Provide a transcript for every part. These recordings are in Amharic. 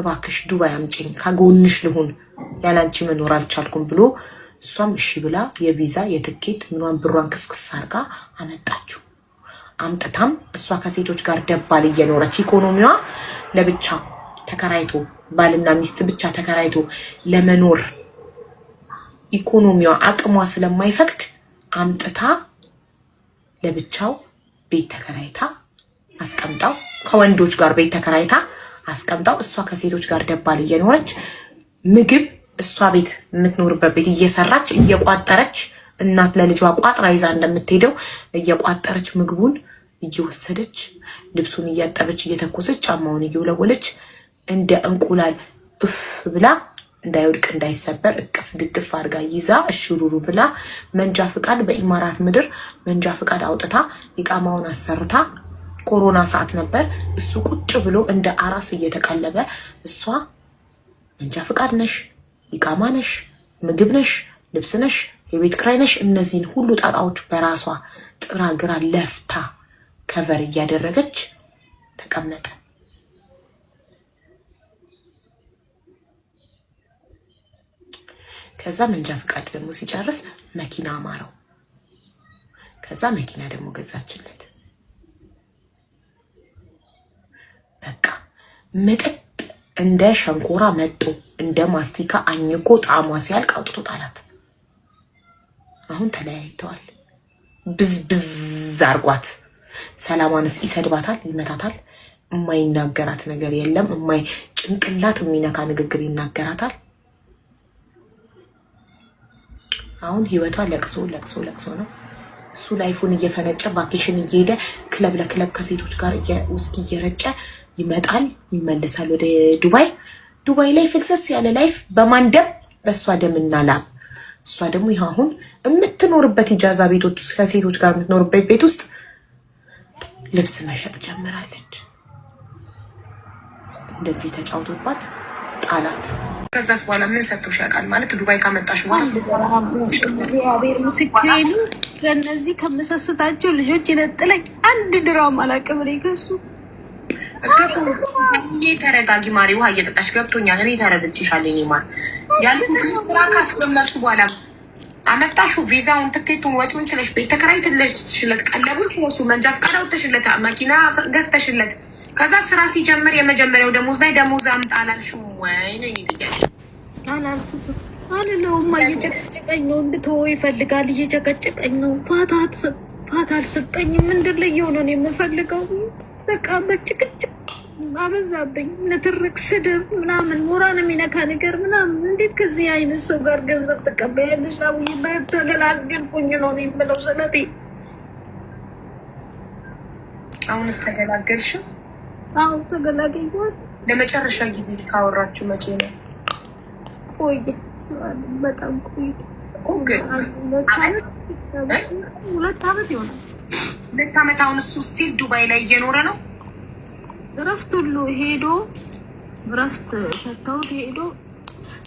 እባክሽ ዱባይ አምጪኝ ከጎንሽ ልሁን ያላንቺ መኖር አልቻልኩም ብሎ እሷም እሺ ብላ የቪዛ የትኬት ምኗን ብሯን ክስክስ አርጋ አመጣችው። አምጥታም እሷ ከሴቶች ጋር ደባል እየኖረች ኢኮኖሚዋ ለብቻ ተከራይቶ ባልና ሚስት ብቻ ተከራይቶ ለመኖር ኢኮኖሚዋ አቅሟ ስለማይፈቅድ አምጥታ ለብቻው ቤት ተከራይታ አስቀምጣው ከወንዶች ጋር ቤት ተከራይታ አስቀምጠው እሷ ከሴቶች ጋር ደባል እየኖረች ምግብ እሷ ቤት የምትኖርበት ቤት እየሰራች እየቋጠረች እናት ለልጇ ቋጥራ ይዛ እንደምትሄደው እየቋጠረች ምግቡን እየወሰደች ልብሱን እያጠበች እየተኮሰች ጫማውን እየወለወለች እንደ እንቁላል እፍ ብላ እንዳይወድቅ እንዳይሰበር እቅፍ ድግፍ አድርጋ ይዛ እሽሩሩ ብላ መንጃ ፍቃድ በኢማራት ምድር መንጃ ፍቃድ አውጥታ ኢቃማውን አሰርታ ኮሮና ሰዓት ነበር። እሱ ቁጭ ብሎ እንደ አራስ እየተቀለበ እሷ መንጃ ፍቃድ ነሽ፣ ይቃማ ነሽ፣ ምግብ ነሽ፣ ልብስ ነሽ፣ የቤት ክራይ ነሽ፣ እነዚህን ሁሉ ጣጣዎች በራሷ ጥራ ግራ ለፍታ ከቨር እያደረገች ተቀመጠ። ከዛ መንጃ ፍቃድ ደግሞ ሲጨርስ መኪና አማረው። ከዛ መኪና ደግሞ ገዛችለት። በቃ ምጥጥ እንደ ሸንኮራ መጦ እንደ ማስቲካ አኝኮ ጣዕሟ ሲያልቅ አውጥቶ ጣላት። አሁን ተለያይተዋል። ብዝብዝ አርጓት። ሰላማንስ ይሰድባታል፣ ይመታታል። የማይናገራት ነገር የለም። የማይ ጭንቅላት የሚነካ ንግግር ይናገራታል። አሁን ህይወቷ ለቅሶ ለቅሶ ለቅሶ ነው። እሱ ላይፉን እየፈነጨ ቫኬሽን እየሄደ ክለብ ለክለብ ከሴቶች ጋር ውስኪ እየረጨ ይመጣል፣ ይመለሳል ወደ ዱባይ። ዱባይ ላይ ፍልሰስ ያለ ላይፍ በማን ደም? በእሷ ደም ላብ። እሷ ደግሞ ይህ አሁን የምትኖርበት ኢጃዛ ቤቶች ከሴቶች ጋር የምትኖርበት ቤት ውስጥ ልብስ መሸጥ ጀምራለች። እንደዚህ ተጫውቶባት ጣላት። ከዛስ በኋላ ምን ሰጥቶሽ ያውቃል? ማለት ዱባይ ካመጣሽ በኋላ እግዚአብሔር ምስክሬ ነው። ከእነዚህ ልጆች ይነጥለኝ አንድ ድራማ አላውቅም እኔ ተረጋጊ ማሪ፣ ውሃ እየጠጣሽ ገብቶኛል። እኔ ተረድቼሻለሁ። ማር ስራ በኋላ ቪዛውን፣ ትኬቱን፣ ወጪውን ችለሽ ቤት ቀለቡን መንጃ ፈቃድ አውጥተሽለት፣ መኪና ገዝተሽለት፣ ከዛ ስራ ሲጀምር የመጀመሪያው ደሞዝ ላይ ደሞዝ አምጣ ወይ ነው ጥያቄ። እየጨቀጨቀኝ ነው። ይፈልጋል። እየጨቀጨቀኝ ነው። ፋታ አልሰጠኝም። ምንድን ላይ የሆነ ነው የምፈልገው በቃ በጭቅጭቅ አበዛብኝ። ንትርክ፣ ስድብ ምናምን ሞራን የሚነካ ነገር ምናምን። እንዴት ከዚህ አይነት ሰው ጋር ገንዘብ ብ አቡዬ በተገላገልኩኝ ነው የምለው። ስለቴ አሁንስ ተገላገልሽ አዎ ተገላገልኩኝ። ለመጨረሻ ጊዜ ካወራችሁ መቼ ነው? ቆይ በጣም ቆየ። ሁለት ይሆናል። ሁለት አመት አሁን እሱ ስቲል ዱባይ ላይ እየኖረ ነው እረፍት ሁሉ ሄዶ እረፍት ሰጥተውት ሄዶ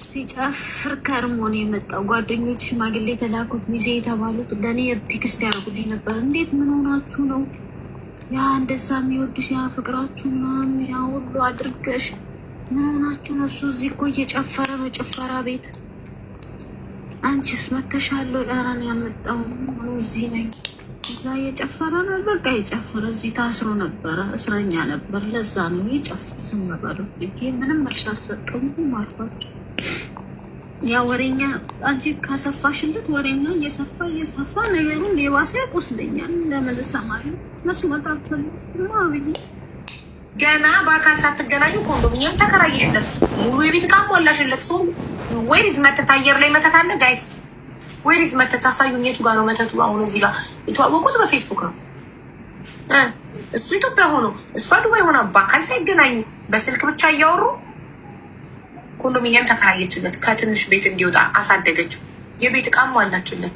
ሲጨፍር ከርሞ የመጣው። ጓደኞች ሽማግሌ የተላኩት ሚዜ የተባሉት ለእኔ ቴክስት ያደርጉልኝ ነበር። እንዴት ምን ሆናችሁ ነው ያ እንደዛ የሚወዱሽ ያ ፍቅራችሁ ምናምን ያ ሁሉ አድርገሽ ምን ሆናችሁ ነው? እሱ እዚህ እኮ እየጨፈረ ነው ጭፈራ ቤት። አንቺስ መተሻለሁ ዳራን ያመጣው እዚህ ነኝ እዛ እየጨፈረ ነው። በቃ የጨፈረ እዚህ ታስሮ ነበረ፣ እስረኛ ነበር። ለዛ ነው የጨፈረ። ዝም በሉ ብዬ ምንም መልስ አልሰጠሁም አልኳቸው። ያ ወሬኛ አንቺ ካሰፋሽለት ወሬኛ እየሰፋ እየሰፋ ነገሩን የባሰ ያቆስለኛል። ለምን እሰማለሁ? መስማት አልፈልግም ብዬ ገና በአካል ሳትገናኙ ኮንዶሚኒየም ተከራይሽለት ሙሉ የቤት ዕቃ ሞላሽለት። ሰው ወይ ዝመተት አየር ላይ መተት አለ ጋይስ ወይስ መተት ታሳዩኝ? የቱ ጋር ነው መተቱ? አሁን እዚህ ጋር የተዋወቁት በፌስቡክ ነው። እሱ ኢትዮጵያ ሆኖ እሷ ዱባይ ሆና በአካል ሳይገናኙ በስልክ ብቻ እያወሩ ኮንዶሚኒየም ተከራየችለት። ከትንሽ ቤት እንዲወጣ አሳደገችው። የቤት እቃም አላችሁለት።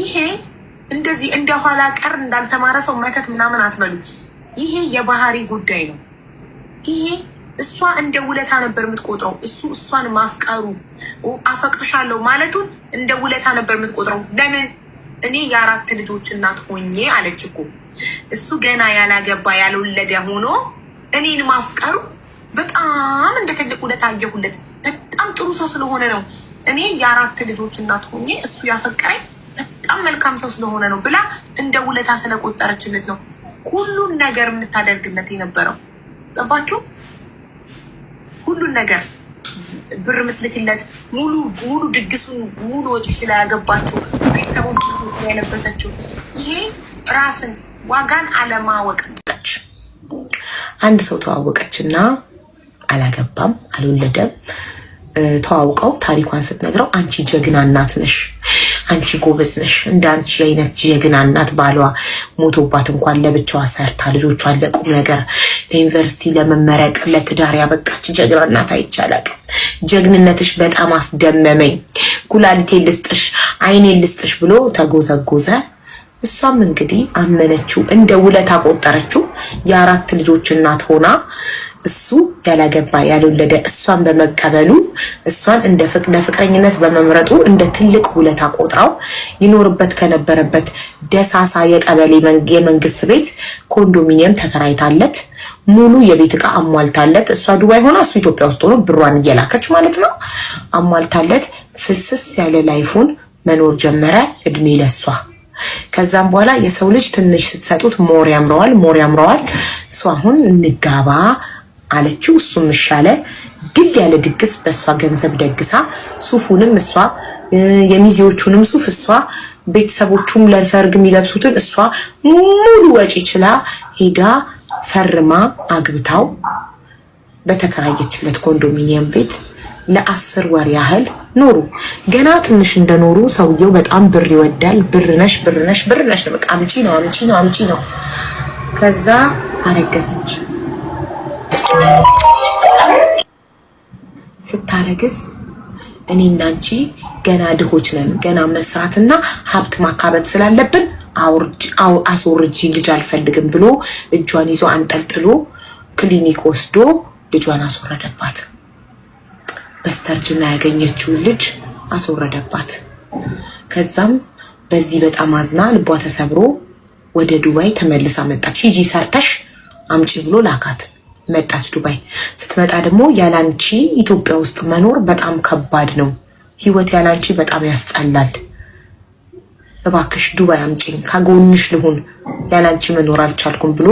ይሄ እንደዚህ እንደ ኋላ ቀር እንዳልተማረ ሰው መተት ምናምን አትበሉ። ይሄ የባህሪ ጉዳይ ነው። ይሄ እሷ እንደ ውለታ ነበር የምትቆጥረው። እሱ እሷን ማፍቀሩ አፈቅርሻለሁ ማለቱን እንደ ውለታ ነበር የምትቆጥረው። ለምን እኔ የአራት ልጆች እናት ሆኜ አለች እኮ እሱ ገና ያላገባ ያልወለደ ሆኖ እኔን ማፍቀሩ በጣም እንደ ትልቅ ውለታ አየሁለት። በጣም ጥሩ ሰው ስለሆነ ነው። እኔ የአራት ልጆች እናት ሆኜ እሱ ያፈቀረኝ በጣም መልካም ሰው ስለሆነ ነው ብላ እንደ ውለታ ስለቆጠረችለት ነው ሁሉን ነገር የምታደርግለት የነበረው። ገባችሁ? ሁሉን ነገር ብር ምትልክለት ሙሉ ሙሉ ድግሱን ሙሉ ወጪ ስላያገባችው ቤተሰቦች ያለበሰችው ይሄ ራስን ዋጋን አለማወቅ ነች። አንድ ሰው ተዋወቀች ተዋወቀችና አላገባም፣ አልወለደም። ተዋውቀው ታሪኳን ስትነግረው አንቺ ጀግና እናት ነሽ፣ አንቺ ጎበዝ ነሽ፣ እንደ አንቺ አይነት ጀግና እናት ባሏ ሞቶባት እንኳን ለብቻዋ ሰርታ ልጆቿ ለቁም ነገር ለዩኒቨርሲቲ ለመመረቅ ለትዳር ያበቃች ጀግና እናት ጀግንነትሽ በጣም አስደመመኝ። ኩላሊቴን ልስጥሽ፣ አይኔ ልስጥሽ ብሎ ተጎዘጎዘ። እሷም እንግዲህ አመነችው፣ እንደ ውለት አቆጠረችው የአራት ልጆች እናት ሆና እሱ ያላገባ ያልወለደ እሷን በመቀበሉ እሷን እንደ ፍቅረኝነት በመምረጡ እንደ ትልቅ ውለታ ቆጥራው ይኖርበት ከነበረበት ደሳሳ የቀበሌ የመንግስት ቤት ኮንዶሚኒየም ተከራይታለት ሙሉ የቤት እቃ አሟልታለት እሷ ዱባይ ሆና እሱ ኢትዮጵያ ውስጥ ሆኖ ብሯን እየላከች ማለት ነው አሟልታለት ፍልስስ ያለ ላይፉን መኖር ጀመረ። እድሜ ለሷ። ከዛም በኋላ የሰው ልጅ ትንሽ ስትሰጡት ሞር ያምረዋል፣ ሞር ያምረዋል። እሱ አሁን እንጋባ አለችው። እሱም ሻለ ድል ያለ ድግስ በእሷ ገንዘብ ደግሳ ሱፉንም እሷ የሚዜዎቹንም ሱፍ እሷ ቤተሰቦቹም ለሰርግ የሚለብሱትን እሷ ሙሉ ወጪ ችላ ሄዳ ፈርማ አግብታው በተከራየችለት ኮንዶሚኒየም ቤት ለአስር ወር ያህል ኖሩ። ገና ትንሽ እንደኖሩ ሰውየው በጣም ብር ይወዳል። ብርነሽ ብርነሽ ብርነሽ ነው። በቃ አምጪ ነው አምጪ ነው አምጪ ነው። ከዛ አረገዘች። ስታረግዝ እኔ እናንቺ ገና ድሆች ነን። ገና መስራትና ሀብት ማካበት ስላለብን አስወርጂ ልጅ አልፈልግም ብሎ እጇን ይዞ አንጠልጥሎ ክሊኒክ ወስዶ ልጇን አስወረደባት። በስተርጅና ያገኘችውን ልጅ አስወረደባት። ከዛም በዚህ በጣም አዝና ልቧ ተሰብሮ ወደ ዱባይ ተመልሳ መጣች። ሂጂ ሰርተሽ አምጪ ብሎ ላካት። መጣች ዱባይ። ስትመጣ ደግሞ ያላንቺ ኢትዮጵያ ውስጥ መኖር በጣም ከባድ ነው፣ ህይወት ያላንቺ በጣም ያስጠላል፣ እባክሽ ዱባይ አምጪኝ፣ ከጎንሽ ልሁን፣ ያላንቺ መኖር አልቻልኩም ብሎ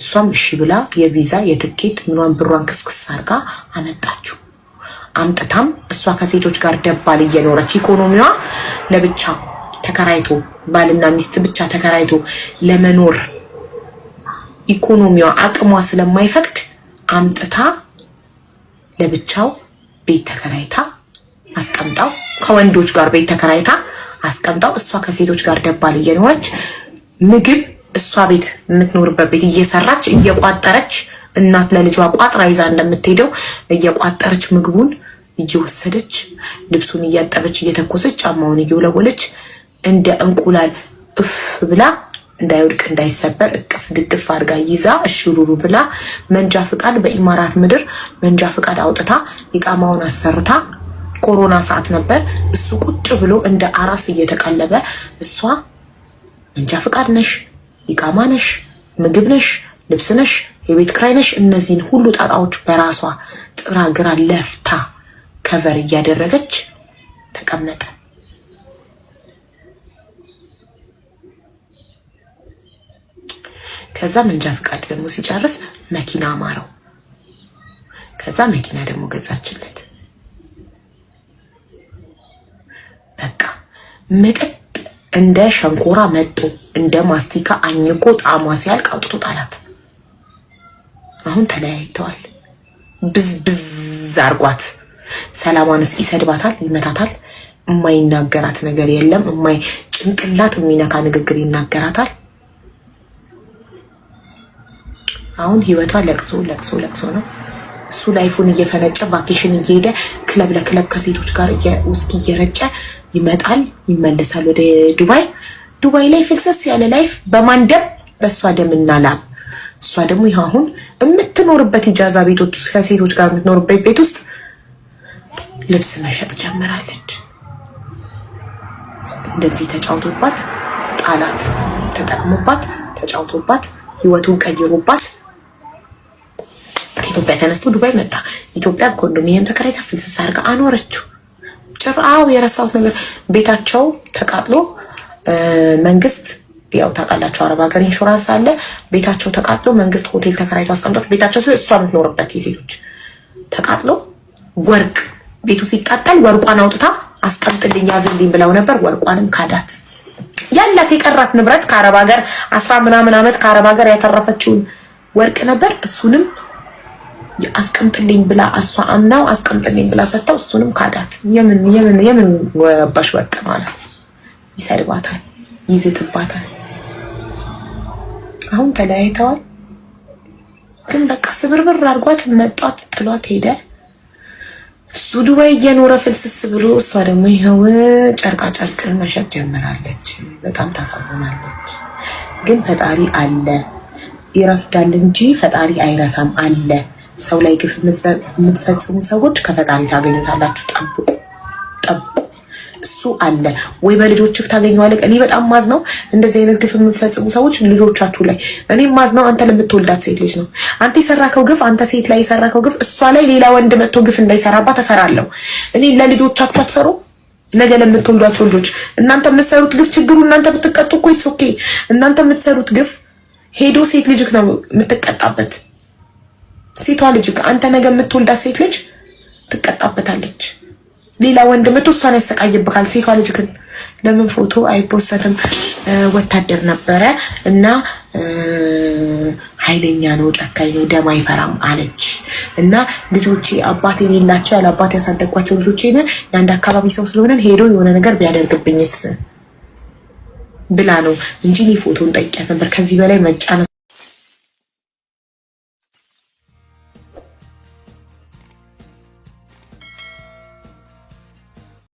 እሷም እሺ ብላ የቪዛ የትኬት ምኗን ብሯን ክስክስ አርጋ አመጣችው። አምጥታም እሷ ከሴቶች ጋር ደባል እየኖረች ኢኮኖሚዋ ለብቻ ተከራይቶ ባልና ሚስት ብቻ ተከራይቶ ለመኖር ኢኮኖሚዋ አቅሟ ስለማይፈቅድ አምጥታ ለብቻው ቤት ተከራይታ አስቀምጣው ከወንዶች ጋር ቤት ተከራይታ አስቀምጣው እሷ ከሴቶች ጋር ደባል እየኖረች ምግብ እሷ ቤት የምትኖርበት ቤት እየሰራች እየቋጠረች እናት ለልጇ ቋጥራ ይዛ እንደምትሄደው እየቋጠረች ምግቡን እየወሰደች ልብሱን እያጠበች እየተኮሰች ጫማውን እየወለወለች እንደ እንቁላል እፍ ብላ እንዳይወድቅ እንዳይሰበር እቅፍ ድግፍ አድርጋ ይዛ እሽሩሩ ብላ መንጃ ፍቃድ በኢማራት ምድር መንጃ ፍቃድ አውጥታ ይቃማውን አሰርታ ኮሮና ሰዓት ነበር። እሱ ቁጭ ብሎ እንደ አራስ እየተቀለበ እሷ መንጃ ፍቃድ ነሽ፣ ኢቃማ ነሽ፣ ምግብ ነሽ፣ ልብስ ነሽ፣ የቤት ክራይ ነሽ፣ እነዚህን ሁሉ ጣጣዎች በራሷ ጥራ ግራ ለፍታ ከቨር እያደረገች ተቀመጠ። ከዛ መንጃ ፍቃድ ደግሞ ሲጨርስ መኪና አማረው። ከዛ መኪና ደግሞ ገዛችለት። በቃ መጠጥ እንደ ሸንኮራ መጦ እንደ ማስቲካ አኝኮ ጣሟ ሲያልቅ አውጥቶ ጣላት። አሁን ተለያይተዋል። ብዝብዝ አርጓት። ሰላማንስ ይሰድባታል፣ ይመታታል። የማይናገራት ነገር የለም። የማይ ጭንቅላት የሚነካ ንግግር ይናገራታል። አሁን ህይወቷ ለቅሶ ለቅሶ ለቅሶ ነው። እሱ ላይፉን እየፈነጨ ቫኬሽን እየሄደ ክለብ ለክለብ ከሴቶች ጋር ውስኪ እየረጨ ይመጣል፣ ይመለሳል ወደ ዱባይ። ዱባይ ላይ ፍልሰስ ያለ ላይፍ በማን ደም? በእሷ ደም እናላም። እሷ ደግሞ ይህ አሁን የምትኖርበት ኢጃዛ ቤቶች ከሴቶች ጋር የምትኖርበት ቤት ውስጥ ልብስ መሸጥ ጀምራለች። እንደዚህ ተጫውቶባት ጣላት ተጠቅሞባት ተጫውቶባት ህይወቱን ቀይሮባት ከኢትዮጵያ ተነስቶ ዱባይ መጣ። ኢትዮጵያ ኮንዶሚኒየም ተከራይታ ፍልስስ አድርጋ አኖረችው። ጭራው የረሳሁት ነገር ቤታቸው ተቃጥሎ መንግስት ያው ታውቃላቸው፣ አረብ ሀገር ኢንሹራንስ አለ። ቤታቸው ተቃጥሎ መንግስት ሆቴል ተከራይቶ አስቀምጧቸው። ቤታቸው ስለ እሷ የምትኖርበት የሴቶች ተቃጥሎ ወርቅ ቤቱ ሲቃጠል ወርቋን አውጥታ አስቀምጥልኝ ያዝልኝ ብለው ነበር። ወርቋንም ካዳት። ያላት የቀራት ንብረት ከአረብ ሀገር አስራ ምናምን ዓመት ከአረብ ሀገር ያተረፈችውን ወርቅ ነበር እሱንም አስቀምጥልኝ ብላ እሷ አምናው አስቀምጥልኝ ብላ ሰጥተው እሱንም ካዳት። የምን የምን የምን ወባሽ ወጥ ማለት ይሰድባታል፣ ይዝትባታል። አሁን ተለያይተዋል፣ ግን በቃ ስብርብር አድርጓት መጧት፣ ጥሏት ሄደ። እሱ ዱባይ እየኖረ ፍልስስ ብሎ እሷ ደግሞ ይኸው ጨርቃ ጨርቅ መሸጥ ጀምራለች። በጣም ታሳዝናለች። ግን ፈጣሪ አለ፣ ይረፍዳል እንጂ ፈጣሪ አይረሳም አለ ሰው ላይ ግፍ የምትፈጽሙ ሰዎች ከፈጣሪ ታገኙታላችሁ። ጠብቁ ጠብቁ፣ እሱ አለ ወይ በልጆችህ ታገኘዋለህ። እኔ በጣም ማዝ ነው እንደዚህ አይነት ግፍ የምፈጽሙ ሰዎች ልጆቻችሁ ላይ። እኔም ማዝ ነው አንተ ለምትወልዳት ሴት ልጅ ነው። አንተ የሰራከው ግፍ፣ አንተ ሴት ላይ የሰራከው ግፍ እሷ ላይ ሌላ ወንድ መጥቶ ግፍ እንዳይሰራባት እፈራለሁ። እኔ ለልጆቻችሁ አትፈሩ ነገ ለምትወልዷቸው ልጆች እናንተ የምትሰሩት ግፍ ችግሩ እናንተ ብትቀጡ እኮ ኢትስ ኦኬ። እናንተ የምትሰሩት ግፍ ሄዶ ሴት ልጅክ ነው የምትቀጣበት። ሴቷ ልጅ አንተ ነገ የምትወልዳት ሴት ልጅ ትቀጣበታለች። ሌላ ወንድ መቶ እሷን ያሰቃይብካል። ሴቷ ልጅ ግን ለምን ፎቶ አይፖሰትም? ወታደር ነበረ እና ኃይለኛ ነው፣ ጨካኝ ነው፣ ደም አይፈራም አለች እና ልጆቼ አባት የሌላቸው ያለ አባት ያሳደግኳቸው ልጆቼ የአንድ አካባቢ ሰው ስለሆነን ሄዶ የሆነ ነገር ቢያደርግብኝስ ብላ ነው እንጂ እኔ ፎቶን ጠይቂያት ነበር። ከዚህ በላይ መጫነ